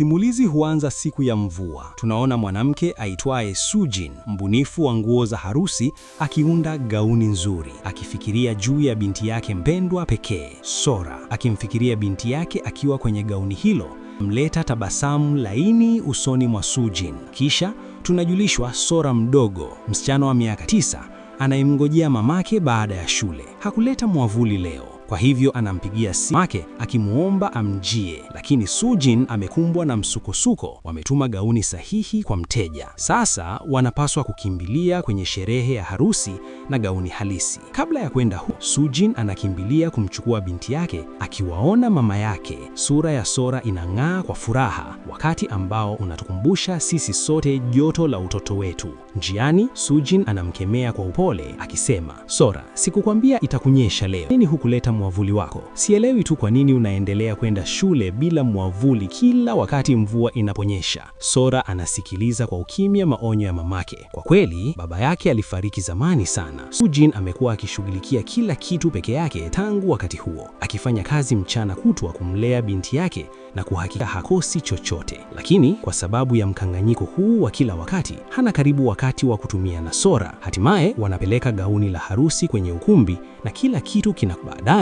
Simulizi huanza siku ya mvua. Tunaona mwanamke aitwaye Sujin, mbunifu wa nguo za harusi, akiunda gauni nzuri, akifikiria juu ya binti yake mpendwa pekee, Sora. Akimfikiria binti yake akiwa kwenye gauni hilo, mleta tabasamu laini usoni mwa Sujin. Kisha tunajulishwa Sora mdogo, msichana wa miaka tisa, anayemngojea mamake baada ya shule. Hakuleta mwavuli leo. Kwa hivyo anampigia simu wake akimwomba amjie, lakini Sujin amekumbwa na msukosuko. Wametuma gauni sahihi kwa mteja, sasa wanapaswa kukimbilia kwenye sherehe ya harusi na gauni halisi. Kabla ya kwenda huko, Sujin anakimbilia kumchukua binti yake. Akiwaona mama yake, sura ya Sora inang'aa kwa furaha, wakati ambao unatukumbusha sisi sote joto la utoto wetu. Njiani, Sujin anamkemea kwa upole akisema, Sora, sikukwambia itakunyesha leo? Nini hukuleta mwavuli wako. Sielewi tu kwa nini unaendelea kwenda shule bila mwavuli kila wakati mvua inaponyesha. Sora anasikiliza kwa ukimya maonyo ya mamake. Kwa kweli, baba yake alifariki zamani sana. Sujin amekuwa akishughulikia kila kitu peke yake tangu wakati huo, akifanya kazi mchana kutwa kumlea binti yake na kuhakika hakosi chochote. Lakini kwa sababu ya mkanganyiko huu wa kila wakati, hana karibu wakati wa kutumia na Sora. Hatimaye wanapeleka gauni la harusi kwenye ukumbi na kila kitu kina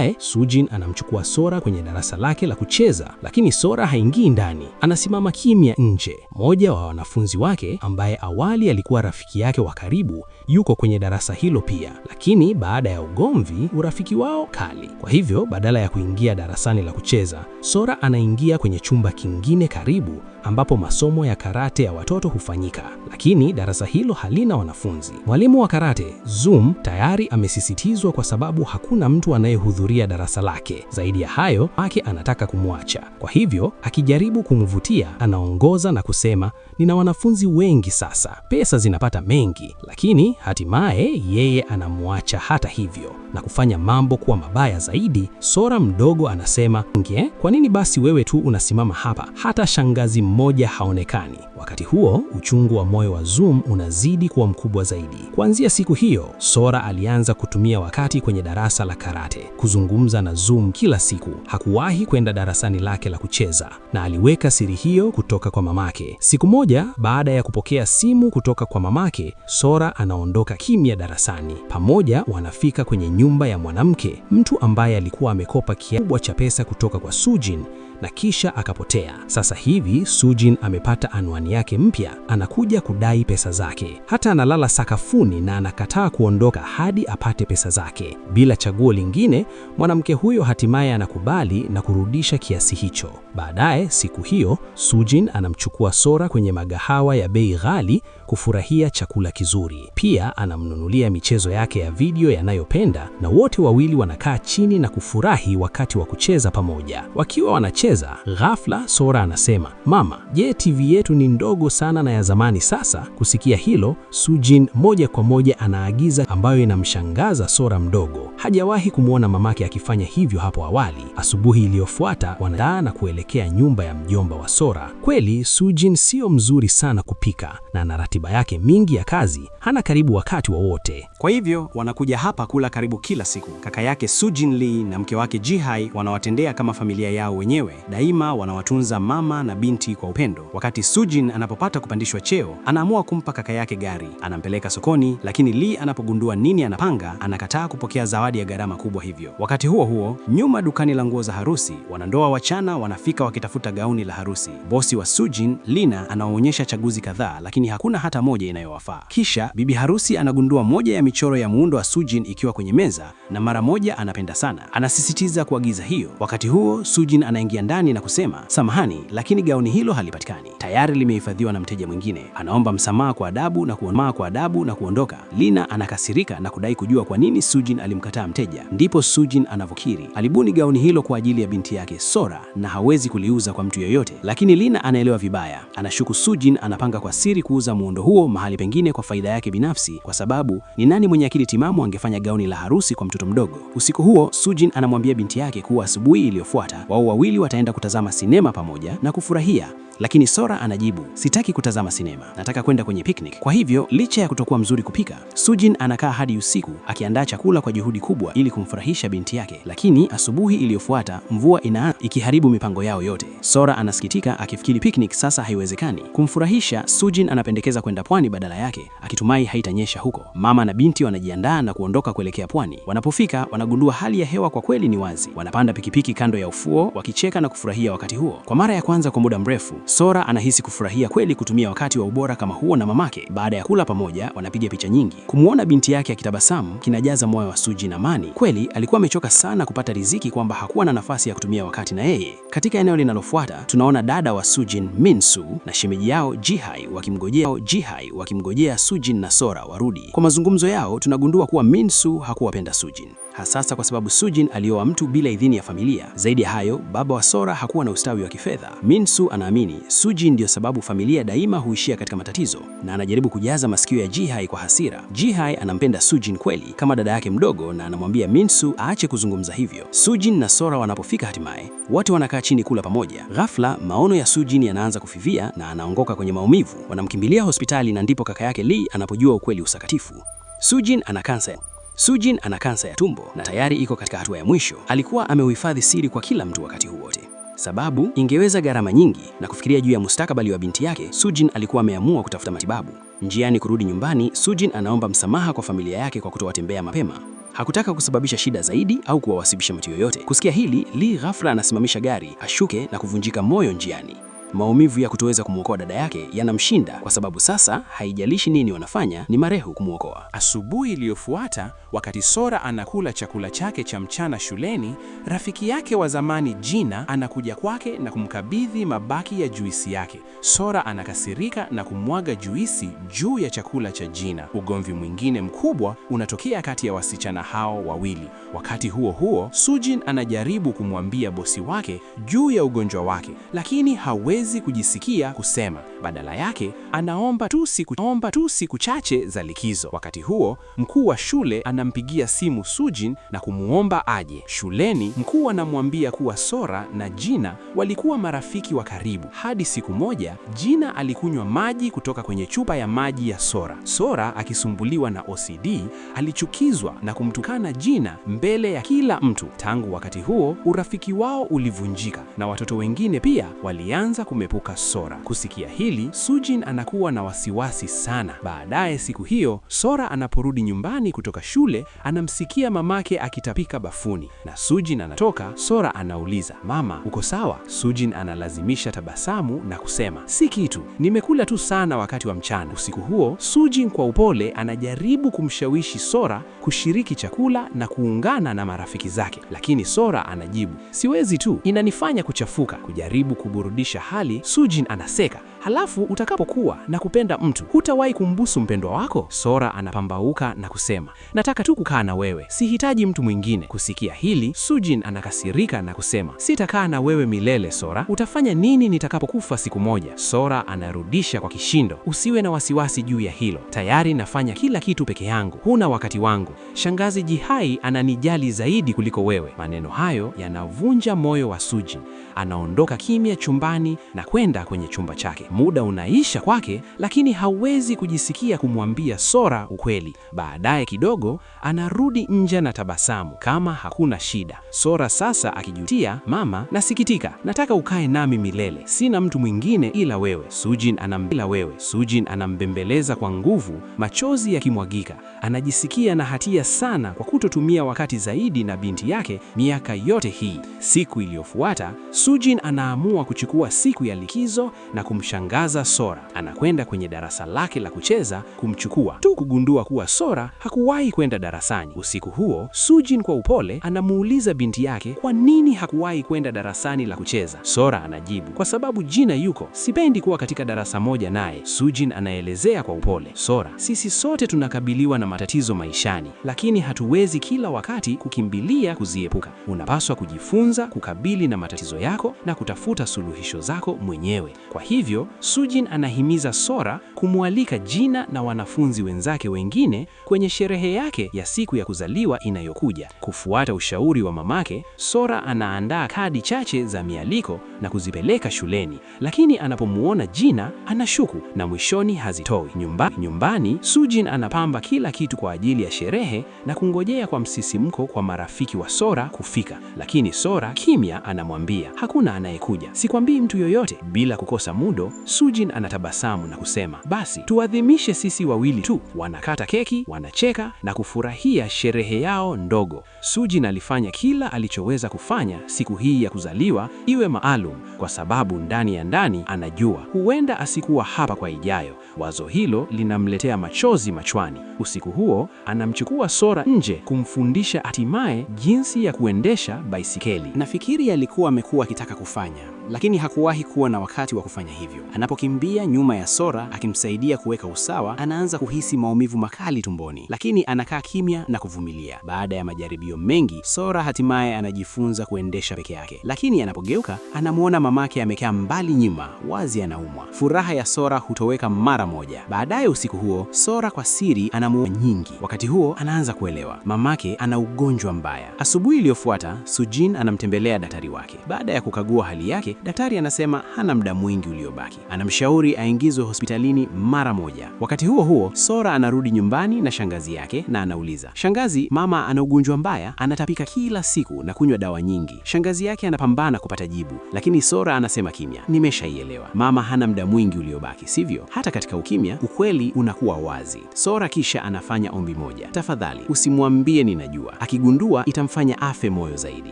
Baadaye Sujin anamchukua Sora kwenye darasa lake la kucheza, lakini Sora haingii ndani, anasimama kimya nje. Mmoja wa wanafunzi wake ambaye awali alikuwa rafiki yake wa karibu yuko kwenye darasa hilo pia, lakini baada ya ugomvi, urafiki wao kali. Kwa hivyo badala ya kuingia darasani la kucheza, Sora anaingia kwenye chumba kingine karibu ambapo masomo ya karate ya watoto hufanyika, lakini darasa hilo halina wanafunzi. Mwalimu wa karate Zoom tayari amesisitizwa kwa sababu hakuna mtu anayehudhuria darasa lake. Zaidi ya hayo, wake anataka kumwacha. Kwa hivyo akijaribu kumvutia, anaongoza na kusema, nina wanafunzi wengi sasa, pesa zinapata mengi, lakini hatimaye yeye anamwacha hata hivyo na kufanya mambo kuwa mabaya zaidi. Sora mdogo anasema, nge, kwa nini basi wewe tu unasimama hapa? Hata shangazi mmoja haonekani. Wakati huo uchungu wa moyo wa Zoom unazidi kuwa mkubwa zaidi. Kuanzia siku hiyo, Sora alianza kutumia wakati kwenye darasa la karate, kuzungumza na Zoom kila siku. Hakuwahi kwenda darasani lake la kucheza na aliweka siri hiyo kutoka kwa mamake. Siku moja baada ya kupokea simu kutoka kwa mamake, Sora anaona wanaondoka kimya darasani. Pamoja wanafika kwenye nyumba ya mwanamke, mtu ambaye alikuwa amekopa kiasi cha pesa kutoka kwa Sujin na kisha akapotea. Sasa hivi Sujin amepata anwani yake mpya, anakuja kudai pesa zake. Hata analala sakafuni na anakataa kuondoka hadi apate pesa zake. Bila chaguo lingine, mwanamke huyo hatimaye anakubali na kurudisha kiasi hicho. Baadaye siku hiyo, Sujin anamchukua Sora kwenye magahawa ya bei ghali kufurahia chakula kizuri. Pia anamnunulia michezo yake ya video yanayopenda, na wote wawili wanakaa chini na kufurahi wakati wa kucheza pamoja. Wakiwa wanacheza, ghafla Sora anasema, mama, je, TV yetu ni ndogo sana na ya zamani sasa? Kusikia hilo, Sujin moja kwa moja anaagiza, ambayo inamshangaza Sora mdogo. Hajawahi kumwona mamake akifanya hivyo hapo awali. Asubuhi iliyofuata wanadaa na kuelekea nyumba ya mjomba wa Sora. Kweli Sujin sio mzuri sana kupika na anarati ratiba yake mingi ya kazi, hana karibu wakati wowote wa kwa hivyo wanakuja hapa kula karibu kila siku. Kaka yake Sujin Lee na mke wake Jihai wanawatendea kama familia yao wenyewe, daima wanawatunza mama na binti kwa upendo. Wakati Sujin anapopata kupandishwa cheo, anaamua kumpa kaka yake gari, anampeleka sokoni, lakini Lee anapogundua nini anapanga, anakataa kupokea zawadi ya gharama kubwa hivyo. Wakati huo huo, nyuma dukani la nguo za harusi, wanandoa wachana wanafika wakitafuta gauni la harusi. Bosi wa Sujin, Lina, anawaonyesha chaguzi kadhaa, lakini hakuna hata moja inayowafaa. Kisha bibi harusi anagundua moja ya michoro ya muundo wa Sujin ikiwa kwenye meza na mara moja anapenda sana. Anasisitiza kuagiza hiyo. Wakati huo Sujin anaingia ndani na kusema, samahani, lakini gauni hilo halipatikani, tayari limehifadhiwa na mteja mwingine. Anaomba msamaha kwa adabu na kuomaa kwa adabu na kuondoka. Lina anakasirika na kudai kujua kwa nini Sujin alimkataa mteja. Ndipo Sujin anavyokiri alibuni gauni hilo kwa ajili ya binti yake Sora na hawezi kuliuza kwa mtu yoyote, lakini Lina anaelewa vibaya. Anashuku Sujin anapanga kwa siri kuuza muundo muundo huo mahali pengine kwa faida yake binafsi, kwa sababu ni nani mwenye akili timamu angefanya gauni la harusi kwa mtoto mdogo? Usiku huo Sujin anamwambia binti yake kuwa asubuhi iliyofuata wao wawili wataenda kutazama sinema pamoja na kufurahia, lakini Sora anajibu, sitaki kutazama sinema, nataka kwenda kwenye picnic. Kwa hivyo licha ya kutokuwa mzuri kupika, Sujin anakaa hadi usiku akiandaa chakula kwa juhudi kubwa ili kumfurahisha binti yake, lakini asubuhi iliyofuata mvua inaanza ikiharibu mipango yao yote. Sora anasikitika akifikiri picnic sasa haiwezekani kumfurahisha Sujin. Anapendekeza kwenda pwani badala yake, akitumai haitanyesha huko. Mama na binti wanajiandaa na kuondoka kuelekea pwani. Wanapofika wanagundua hali ya hewa kwa kweli ni wazi. Wanapanda pikipiki kando ya ufuo wakicheka na kufurahia wakati huo. Kwa mara ya kwanza kwa muda mrefu, Sora anahisi kufurahia kweli kutumia wakati wa ubora kama huo na mamake. Baada ya kula pamoja, wanapiga picha nyingi. Kumwona binti yake akitabasamu kinajaza moyo wa Suji na Mani. Kweli alikuwa amechoka sana kupata riziki kwamba hakuwa na nafasi ya kutumia wakati na yeye. Katika eneo linalofuata tunaona dada wa Sujin Minsu na shemeji yao Jihai wakimgojea Jihai wakimgojea Sujin na Sora warudi. Kwa mazungumzo yao tunagundua kuwa Minsu hakuwapenda Sujin hasasa kwa sababu Sujin alioa mtu bila idhini ya familia. Zaidi ya hayo, baba wa Sora hakuwa na ustawi wa kifedha. Minsu anaamini Sujin ndiyo sababu familia daima huishia katika matatizo na anajaribu kujaza masikio ya Jihai kwa hasira. Jihai anampenda Sujin kweli kama dada yake mdogo na anamwambia Minsu aache kuzungumza hivyo. Sujin na Sora wanapofika hatimaye, wote wanakaa chini kula pamoja. Ghafla maono ya Sujin yanaanza kufivia na anaongoka kwenye maumivu. Wanamkimbilia hospitali na ndipo kaka yake Lee anapojua ukweli usakatifu. Sujin ana kansa Sujin ana kansa ya tumbo na tayari iko katika hatua ya mwisho. Alikuwa ameuhifadhi siri kwa kila mtu wakati huu wote, sababu ingeweza gharama nyingi. Na kufikiria juu ya mustakabali wa binti yake, Sujin alikuwa ameamua kutafuta matibabu. Njiani kurudi nyumbani, Sujin anaomba msamaha kwa familia yake kwa kutowatembea mapema. Hakutaka kusababisha shida zaidi au kuwawasibisha mtu yoyote. Kusikia hili, Lee ghafla anasimamisha gari, ashuke na kuvunjika moyo njiani. Maumivu ya kutoweza kumwokoa dada yake yanamshinda kwa sababu sasa haijalishi nini wanafanya, ni Marehu kumwokoa. Asubuhi iliyofuata, wakati Sora anakula chakula chake cha mchana shuleni, rafiki yake wa zamani Jina anakuja kwake na kumkabidhi mabaki ya juisi yake. Sora anakasirika na kumwaga juisi juu ya chakula cha Jina. Ugomvi mwingine mkubwa unatokea kati ya wasichana hao wawili. Wakati huo huo, Sujin anajaribu kumwambia bosi wake juu ya ugonjwa wake, lakini hawe hawezi kujisikia kusema. Badala yake anaomba tu siku, anaomba tu siku chache za likizo. Wakati huo mkuu wa shule anampigia simu Sujin na kumwomba aje shuleni. Mkuu anamwambia kuwa Sora na Jina walikuwa marafiki wa karibu hadi siku moja Jina alikunywa maji kutoka kwenye chupa ya maji ya Sora. Sora akisumbuliwa na OCD alichukizwa na kumtukana Jina mbele ya kila mtu. Tangu wakati huo urafiki wao ulivunjika na watoto wengine pia walianza kumepuka Sora. Kusikia hili hili, Sujin anakuwa na wasiwasi sana. Baadaye siku hiyo, Sora anaporudi nyumbani kutoka shule, anamsikia mamake akitapika bafuni na Sujin anatoka. Sora anauliza, "Mama, uko sawa?" Sujin analazimisha tabasamu na kusema, "Si kitu. Nimekula tu sana wakati wa mchana." Usiku huo, Sujin kwa upole anajaribu kumshawishi Sora kushiriki chakula na kuungana na marafiki zake, lakini Sora anajibu, "Siwezi tu. Inanifanya kuchafuka." Kujaribu kuburudisha hali, Sujin anaseka Halafu utakapokuwa na kupenda mtu, hutawahi kumbusu mpendwa wako. Sora anapambauka na kusema, nataka tu kukaa na wewe, sihitaji mtu mwingine. Kusikia hili, Sujin anakasirika na kusema, sitakaa na wewe milele Sora, utafanya nini nitakapokufa siku moja? Sora anarudisha kwa kishindo, usiwe na wasiwasi juu ya hilo, tayari nafanya kila kitu peke yangu, huna wakati wangu. Shangazi Jihai ananijali zaidi kuliko wewe. Maneno hayo yanavunja moyo wa Sujin, anaondoka kimya chumbani na kwenda kwenye chumba chake. Muda unaisha kwake, lakini hawezi kujisikia kumwambia Sora ukweli. Baadaye kidogo anarudi nje na tabasamu kama hakuna shida. Sora sasa akijutia, mama, nasikitika, nataka ukae nami milele, sina mtu mwingine ila wewe. Sujin anambila wewe. Sujin anambembeleza kwa nguvu, machozi yakimwagika. Anajisikia na hatia sana kwa kutotumia wakati zaidi na binti yake miaka yote hii. Siku iliyofuata Sujin anaamua kuchukua siku ya likizo na kumshangaa kumshangaza Sora. Anakwenda kwenye darasa lake la kucheza kumchukua tu kugundua kuwa Sora hakuwahi kwenda darasani. Usiku huo, Sujin kwa upole anamuuliza binti yake kwa nini hakuwahi kwenda darasani la kucheza. Sora anajibu, kwa sababu Jina yuko, sipendi kuwa katika darasa moja naye. Sujin anaelezea kwa upole, Sora, sisi sote tunakabiliwa na matatizo maishani, lakini hatuwezi kila wakati kukimbilia kuziepuka. Unapaswa kujifunza kukabili na matatizo yako na kutafuta suluhisho zako mwenyewe. Kwa hivyo, Sujin anahimiza Sora kumwalika Jina na wanafunzi wenzake wengine kwenye sherehe yake ya siku ya kuzaliwa inayokuja. Kufuata ushauri wa mamake, Sora anaandaa kadi chache za mialiko na kuzipeleka shuleni, lakini anapomuona Jina anashuku na mwishoni hazitoi. Nyumba, nyumbani Sujin anapamba kila kitu kwa ajili ya sherehe na kungojea kwa msisimko kwa marafiki wa Sora kufika, lakini Sora kimya anamwambia hakuna anayekuja, sikwambii mtu yoyote. Bila kukosa mudo Sujin anatabasamu na kusema, basi tuadhimishe sisi wawili tu. Wanakata keki, wanacheka na kufurahia sherehe yao ndogo. Sujin alifanya kila alichoweza kufanya siku hii ya kuzaliwa iwe maalum, kwa sababu ndani ya ndani anajua huenda asikuwa hapa kwa ijayo. Wazo hilo linamletea machozi machwani. Usiku huo anamchukua Sora nje kumfundisha hatimaye jinsi ya kuendesha baisikeli. Nafikiri alikuwa amekuwa akitaka kufanya lakini hakuwahi kuwa na wakati wa kufanya hivyo. Anapokimbia nyuma ya Sora akimsaidia kuweka usawa, anaanza kuhisi maumivu makali tumboni, lakini anakaa kimya na kuvumilia. Baada ya majaribio mengi, Sora hatimaye anajifunza kuendesha peke yake, lakini anapogeuka anamwona mamake amekaa mbali nyuma, wazi anaumwa. Furaha ya Sora hutoweka mara moja. Baadaye usiku huo, Sora kwa siri anamuoa Nyingi. Wakati huo anaanza kuelewa mamake ana ugonjwa mbaya. Asubuhi iliyofuata, Sujin anamtembelea daktari wake. Baada ya kukagua hali yake daktari anasema hana muda mwingi uliobaki. Anamshauri aingizwe hospitalini mara moja. Wakati huo huo, Sora anarudi nyumbani na shangazi yake na anauliza, "Shangazi, mama ana ugonjwa mbaya, anatapika kila siku na kunywa dawa nyingi." Shangazi yake anapambana kupata jibu, lakini Sora anasema kimya, "Nimeshaielewa. Mama hana muda mwingi uliobaki, sivyo?" Hata katika ukimya, ukweli unakuwa wazi. Sora kisha anafanya ombi moja, "Tafadhali, usimwambie ninajua." Akigundua itamfanya afe moyo zaidi.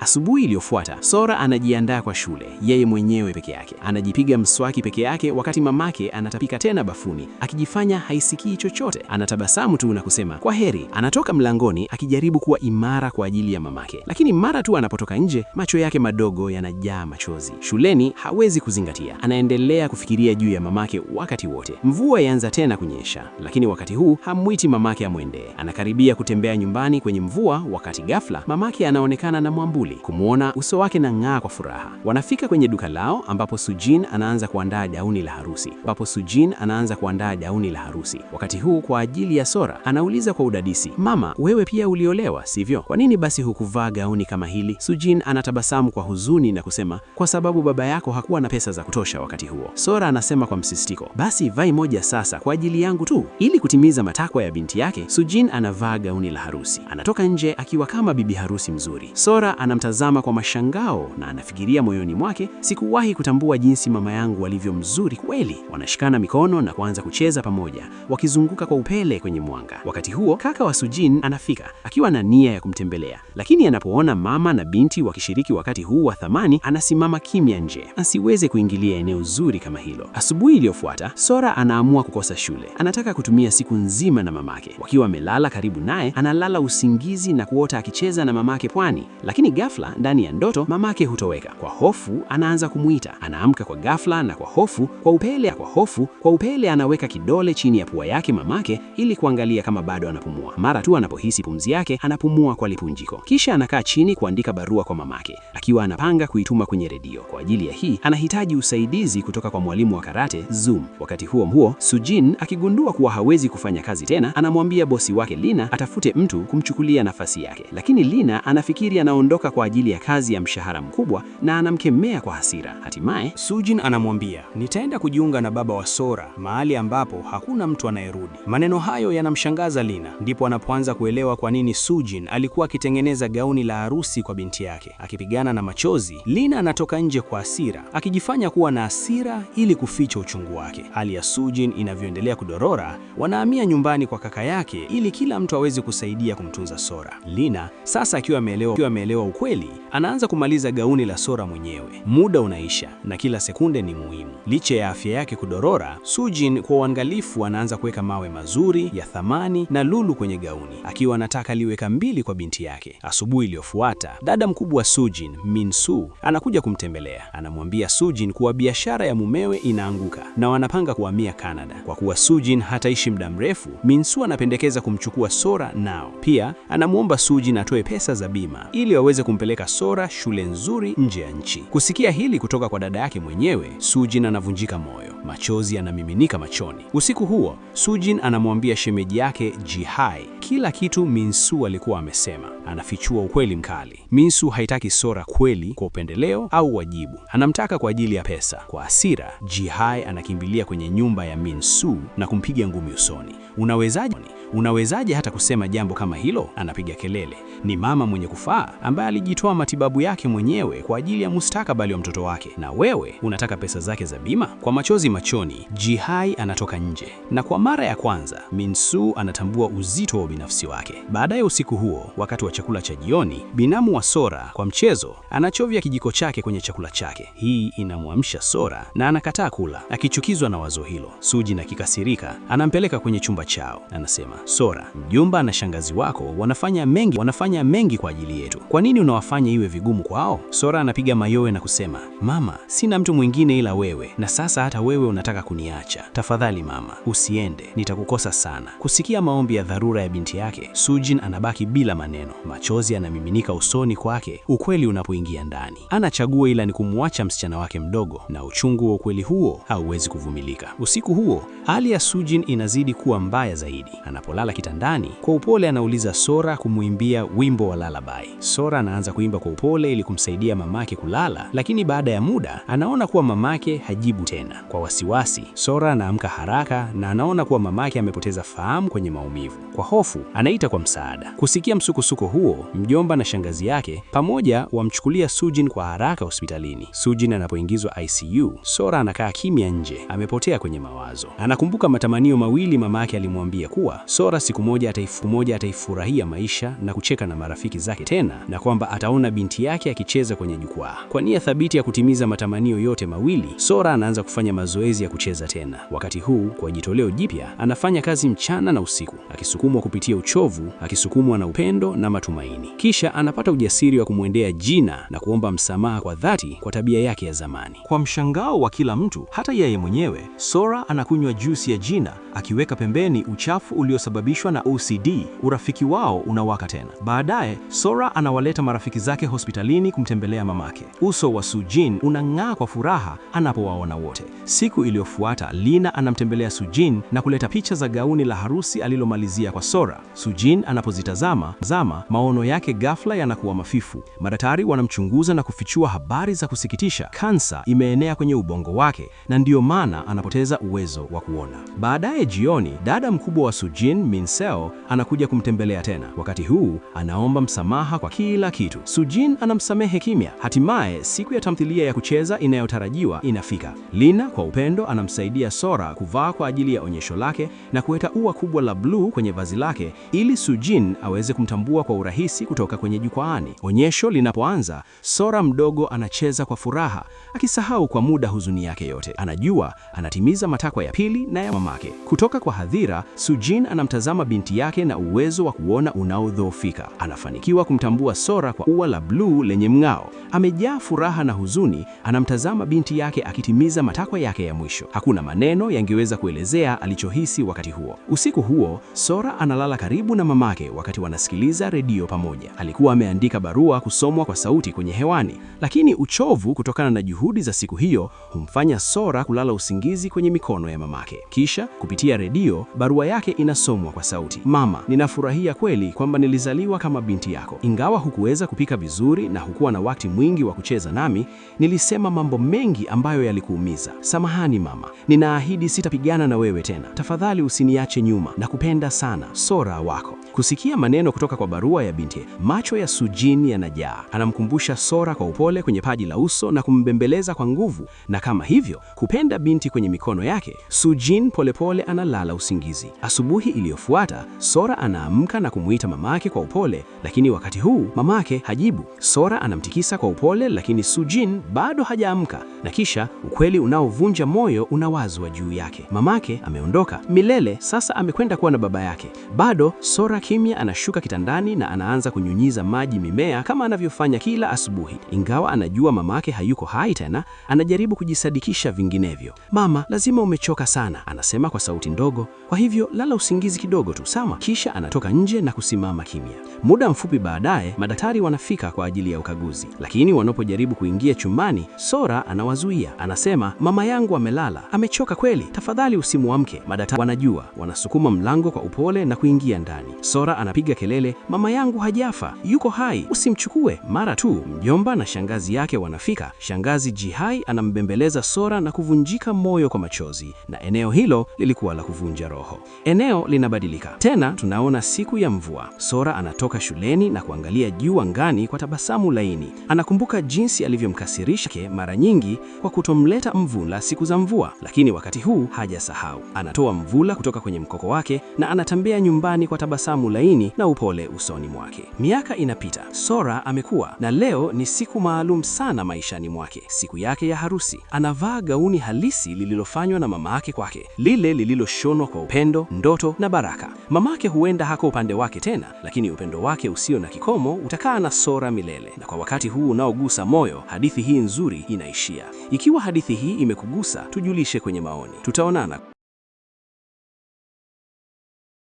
Asubuhi iliyofuata, Sora anajiandaa kwa shule. Yeye yeye mwenyewe peke yake. Anajipiga mswaki peke yake wakati mamake anatapika tena bafuni, akijifanya haisikii chochote. Anatabasamu tu na kusema kwa heri. Anatoka mlangoni akijaribu kuwa imara kwa ajili ya mamake, lakini mara tu anapotoka nje, macho yake madogo yanajaa machozi. Shuleni hawezi kuzingatia, anaendelea kufikiria juu ya mamake wakati wote. Mvua yaanza tena kunyesha, lakini wakati huu hamwiti mamake amwendee. Anakaribia kutembea nyumbani kwenye mvua, wakati ghafla mamake anaonekana na mwambuli. Kumwona uso wake na ng'aa kwa furaha, wanafika kwenye duka lao ambapo Sujin anaanza kuandaa gauni la harusi ambapo Sujin anaanza kuandaa gauni la harusi. Wakati huu kwa ajili ya Sora, anauliza kwa udadisi, mama, wewe pia uliolewa sivyo? Kwa nini basi hukuvaa gauni kama hili? Sujin anatabasamu kwa huzuni na kusema, kwa sababu baba yako hakuwa na pesa za kutosha wakati huo. Sora anasema kwa msisitiko, basi vai moja sasa kwa ajili yangu tu. Ili kutimiza matakwa ya binti yake, Sujin anavaa gauni la harusi, anatoka nje akiwa kama bibi harusi mzuri. Sora anamtazama kwa mashangao na anafikiria moyoni mwake Sikuwahi kutambua jinsi mama yangu alivyo mzuri kweli. Wanashikana mikono na kuanza kucheza pamoja, wakizunguka kwa upele kwenye mwanga. Wakati huo kaka wa Sujin anafika akiwa na nia ya kumtembelea, lakini anapoona mama na binti wakishiriki wakati huu wa thamani, anasimama kimya nje, asiweze kuingilia eneo zuri kama hilo. Asubuhi iliyofuata, Sora anaamua kukosa shule. Anataka kutumia siku nzima na mamake. Wakiwa amelala karibu naye, analala usingizi na kuota akicheza na mamake pwani, lakini ghafla ndani ya ndoto mamake hutoweka. Kwa hofu ana anaanza kumwita. Anaamka kwa ghafla na kwa hofu, kwa upele kwa hofu, kwa upele anaweka kidole chini ya pua yake mamake ili kuangalia kama bado anapumua. Mara tu anapohisi pumzi yake, anapumua kwa lipunjiko. Kisha anakaa chini kuandika barua kwa mamake, akiwa anapanga kuituma kwenye redio. Kwa ajili ya hii, anahitaji usaidizi kutoka kwa mwalimu wa karate Zoom. Wakati huo huo, Sujin akigundua kuwa hawezi kufanya kazi tena, anamwambia bosi wake Lina atafute mtu kumchukulia nafasi yake. Lakini Lina anafikiri anaondoka kwa ajili ya kazi ya mshahara mkubwa na anamkemea kwa hasira. Hatimaye Sujin anamwambia nitaenda kujiunga na baba wa Sora mahali ambapo hakuna mtu anayerudi. Maneno hayo yanamshangaza Lina, ndipo anapoanza kuelewa kwa nini Sujin alikuwa akitengeneza gauni la harusi kwa binti yake. Akipigana na machozi, Lina anatoka nje kwa hasira, akijifanya kuwa na hasira ili kuficha uchungu wake. Hali ya Sujin inavyoendelea kudorora, wanahamia nyumbani kwa kaka yake ili kila mtu aweze kusaidia kumtunza Sora. Lina sasa akiwa ameelewa ukweli, anaanza kumaliza gauni la Sora mwenyewe. Muda unaisha na kila sekunde ni muhimu. Licha ya afya yake kudorora, Sujin kwa uangalifu anaanza kuweka mawe mazuri ya thamani na lulu kwenye gauni, akiwa anataka aliweka mbili kwa binti yake. Asubuhi iliyofuata, dada mkubwa Sujin, Minsu, anakuja kumtembelea. Anamwambia Sujin kuwa biashara ya mumewe inaanguka na wanapanga kuhamia Canada. Kwa kuwa Sujin hataishi muda mrefu, Minsu anapendekeza kumchukua Sora nao. Pia anamwomba Sujin atoe pesa za bima ili waweze kumpeleka Sora shule nzuri nje ya nchi. Kusikia hili kutoka kwa dada yake mwenyewe, Sujin anavunjika moyo machozi yanamiminika machoni. Usiku huo Sujin anamwambia shemeji yake Jihai kila kitu Minsu alikuwa amesema. Anafichua ukweli mkali. Minsu haitaki Sora kweli kwa upendeleo au wajibu, anamtaka kwa ajili ya pesa. Kwa hasira, Jihai anakimbilia kwenye nyumba ya Minsu na kumpiga ngumi usoni. Unawezaje? Unawezaje hata kusema jambo kama hilo? Anapiga kelele. Ni mama mwenye kufaa ambaye alijitoa matibabu yake mwenyewe kwa ajili ya mustakabali wa mtoto wake, na wewe unataka pesa zake za bima? Kwa machozi machoni, Jihai anatoka nje na kwa mara ya kwanza Minsu anatambua uzito wa ubinafsi wake. Baadaye usiku huo, wakati wa chakula cha jioni, binamu wa Sora kwa mchezo anachovya kijiko chake kwenye chakula chake. Hii inamwamsha Sora na anakataa kula, akichukizwa na wazo hilo. Suji na kikasirika anampeleka kwenye chumba chao. Anasema, Sora, mjumba na shangazi wako wanafanya mengi, wanafanya mengi kwa ajili yetu. Kwa nini unawafanya iwe vigumu kwao? Sora anapiga mayowe na kusema, mama, sina mtu mwingine ila wewe, na sasa hata wewe wewe unataka kuniacha. Tafadhali mama, usiende, nitakukosa sana. Kusikia maombi ya dharura ya binti yake, Sujin anabaki bila maneno, machozi anamiminika usoni kwake ukweli unapoingia ndani. Anachagua ila ni kumwacha msichana wake mdogo, na uchungu wa ukweli huo hauwezi kuvumilika. Usiku huo hali ya Sujin inazidi kuwa mbaya zaidi. Anapolala kitandani, kwa upole anauliza Sora kumwimbia wimbo wa lalabai. Sora anaanza kuimba kwa upole ili kumsaidia mamake kulala, lakini baada ya muda anaona kuwa mamake hajibu tena kwa wasiwasi, Sora anaamka haraka na anaona kuwa mamake amepoteza fahamu kwenye maumivu. Kwa hofu, anaita kwa msaada. Kusikia msukosuko huo, mjomba na shangazi yake pamoja wamchukulia Sujin kwa haraka hospitalini. Sujin anapoingizwa ICU, Sora anakaa kimya nje, amepotea kwenye mawazo. Anakumbuka matamanio mawili mamake alimwambia kuwa Sora siku moja ataifu moja ataifurahia maisha na kucheka na marafiki zake tena, na kwamba ataona binti yake akicheza kwenye jukwaa. Kwa nia thabiti ya kutimiza matamanio yote mawili, Sora anaanza kufanya mazoezi mazoezi ya kucheza tena. Wakati huu kwa jitoleo jipya, anafanya kazi mchana na usiku, akisukumwa kupitia uchovu, akisukumwa na upendo na matumaini. Kisha anapata ujasiri wa kumwendea Jina na kuomba msamaha kwa dhati kwa tabia yake ya zamani. Kwa mshangao wa kila mtu, hata yeye mwenyewe, Sora anakunywa juisi ya Jina, akiweka pembeni uchafu uliosababishwa na OCD. Urafiki wao unawaka tena. Baadaye, Sora anawaleta marafiki zake hospitalini kumtembelea mamake. Uso wa Sujin unang'aa kwa furaha anapowaona wote. Siku iliyofuata Lina anamtembelea Sujin na kuleta picha za gauni la harusi alilomalizia kwa Sora. Sujin anapozitazama zama, maono yake ghafla yanakuwa mafifu. Madaktari wanamchunguza na kufichua habari za kusikitisha: kansa imeenea kwenye ubongo wake na ndiyo maana anapoteza uwezo wa kuona. Baadaye jioni, dada mkubwa wa Sujin Minseo anakuja kumtembelea tena. Wakati huu anaomba msamaha kwa kila kitu. Sujin anamsamehe kimya. Hatimaye siku ya tamthilia ya kucheza inayotarajiwa inafika. Lina kwa Upendo anamsaidia Sora kuvaa kwa ajili ya onyesho lake na kuweka ua kubwa la bluu kwenye vazi lake ili Sujin aweze kumtambua kwa urahisi kutoka kwenye jukwaani. Onyesho linapoanza, Sora mdogo anacheza kwa furaha, akisahau kwa muda huzuni yake yote. Anajua anatimiza matakwa ya Pili na ya mamake. Kutoka kwa hadhira, Sujin anamtazama binti yake na uwezo wa kuona unaodhoofika. Anafanikiwa kumtambua Sora kwa ua la bluu lenye mng'ao. Amejaa furaha na huzuni, anamtazama binti yake akitimiza matakwa yake yake ya mwisho. Hakuna maneno yangeweza kuelezea alichohisi wakati huo. Usiku huo, Sora analala karibu na mamake wakati wanasikiliza redio pamoja. Alikuwa ameandika barua kusomwa kwa sauti kwenye hewani, lakini uchovu kutokana na juhudi za siku hiyo humfanya Sora kulala usingizi kwenye mikono ya mamake. Kisha kupitia redio, barua yake inasomwa kwa sauti. Mama, ninafurahia kweli kwamba nilizaliwa kama binti yako. Ingawa hukuweza kupika vizuri na hukuwa na wakati mwingi wa kucheza nami, nilisema mambo mengi ambayo yalikuumiza. Samahani Samahani mama, ninaahidi sitapigana na wewe tena. Tafadhali usiniache nyuma. Nakupenda sana. Sora wako. Kusikia maneno kutoka kwa barua ya binti, macho ya Sujin yanajaa. Anamkumbusha Sora kwa upole kwenye paji la uso na kumbembeleza kwa nguvu, na kama hivyo kupenda binti kwenye mikono yake. Sujin polepole analala usingizi. Asubuhi iliyofuata, Sora anaamka na kumuita mamake kwa upole, lakini wakati huu mamake hajibu. Sora anamtikisa kwa upole, lakini Sujin bado hajaamka, na kisha ukweli unaovunja moyo unawazwa juu yake. Mamake ameondoka milele, sasa amekwenda kuwa na baba yake. Bado Sora kimya anashuka kitandani na anaanza kunyunyiza maji mimea kama anavyofanya kila asubuhi. Ingawa anajua mamake hayuko hai tena, anajaribu kujisadikisha vinginevyo. Mama, lazima umechoka sana, anasema kwa sauti ndogo, kwa hivyo lala usingizi kidogo tu sama. Kisha anatoka nje na kusimama kimya. Muda mfupi baadaye, madaktari wanafika kwa ajili ya ukaguzi, lakini wanapojaribu kuingia chumbani, Sora anawazuia. Anasema, mama yangu amelala, amechoka kweli, tafadhali usimuamke. Madaktari wanajua, wanasukuma mlango kwa upole na kuingia ndani. Sora anapiga kelele, mama yangu hajafa, yuko hai, usimchukue. Mara tu mjomba na shangazi yake wanafika. Shangazi Jihai anambembeleza Sora na kuvunjika moyo kwa machozi, na eneo hilo lilikuwa la kuvunja roho. Eneo linabadilika tena, tunaona siku ya mvua. Sora anatoka shuleni na kuangalia juu angani kwa tabasamu laini. Anakumbuka jinsi alivyomkasirisha ke mara nyingi kwa kutomleta mvula siku za mvua, lakini wakati huu hajasahau. Anatoa mvula kutoka kwenye mkoko wake na anatembea nyumbani kwa tabasamu tabasamu laini na upole usoni mwake. Miaka inapita, Sora amekuwa na leo ni siku maalum sana maishani mwake, siku yake ya harusi. Anavaa gauni halisi lililofanywa na mamake kwake, lile lililoshonwa kwa upendo, ndoto na baraka. Mamake huenda hako upande wake tena, lakini upendo wake usio na kikomo utakaa na Sora milele. Na kwa wakati huu unaogusa moyo, hadithi hii nzuri inaishia. Ikiwa hadithi hii imekugusa, tujulishe kwenye maoni. Tutaonana.